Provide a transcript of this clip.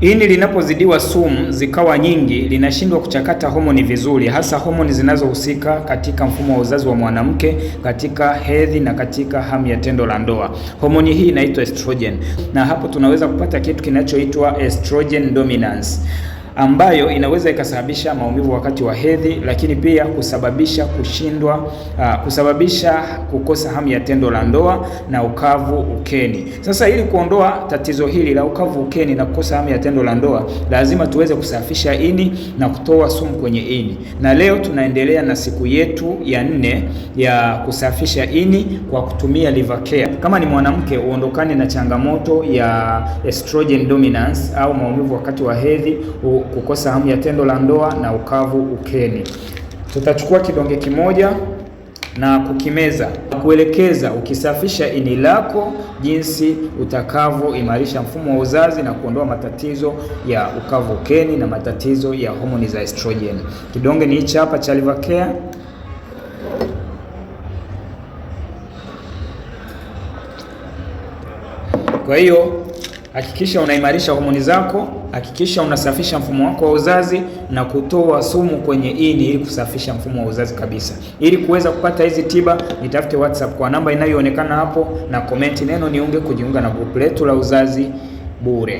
Ini linapozidiwa sumu zikawa nyingi linashindwa kuchakata homoni vizuri, hasa homoni zinazohusika katika mfumo wa uzazi wa mwanamke, katika hedhi na katika hamu ya tendo la ndoa. Homoni hii inaitwa estrogen, na hapo tunaweza kupata kitu kinachoitwa estrogen dominance ambayo inaweza ikasababisha maumivu wakati wa hedhi, lakini pia kusababisha kushindwa uh, kusababisha kukosa hamu ya tendo la ndoa na ukavu ukeni. Sasa ili kuondoa tatizo hili la ukavu ukeni na kukosa hamu ya tendo la ndoa, lazima tuweze kusafisha ini na kutoa sumu kwenye ini, na leo tunaendelea na siku yetu ya nne ya kusafisha ini kwa kutumia liver care. Kama ni mwanamke, uondokane na changamoto ya estrogen dominance au maumivu wakati wa hedhi kukosa hamu ya tendo la ndoa na ukavu ukeni. Tutachukua kidonge kimoja na kukimeza kuelekeza ukisafisha ini lako jinsi utakavyoimarisha mfumo wa uzazi na kuondoa matatizo ya ukavu ukeni na matatizo ya homoni za estrogen. Kidonge ni hichi hapa cha Livacare. Kwa hiyo Hakikisha unaimarisha homoni zako, hakikisha unasafisha mfumo wako wa uzazi na kutoa sumu kwenye ini ili kusafisha mfumo wa uzazi kabisa. Ili kuweza kupata hizi tiba, nitafute WhatsApp kwa namba inayoonekana hapo na komenti neno niunge kujiunga na grupu letu la uzazi bure.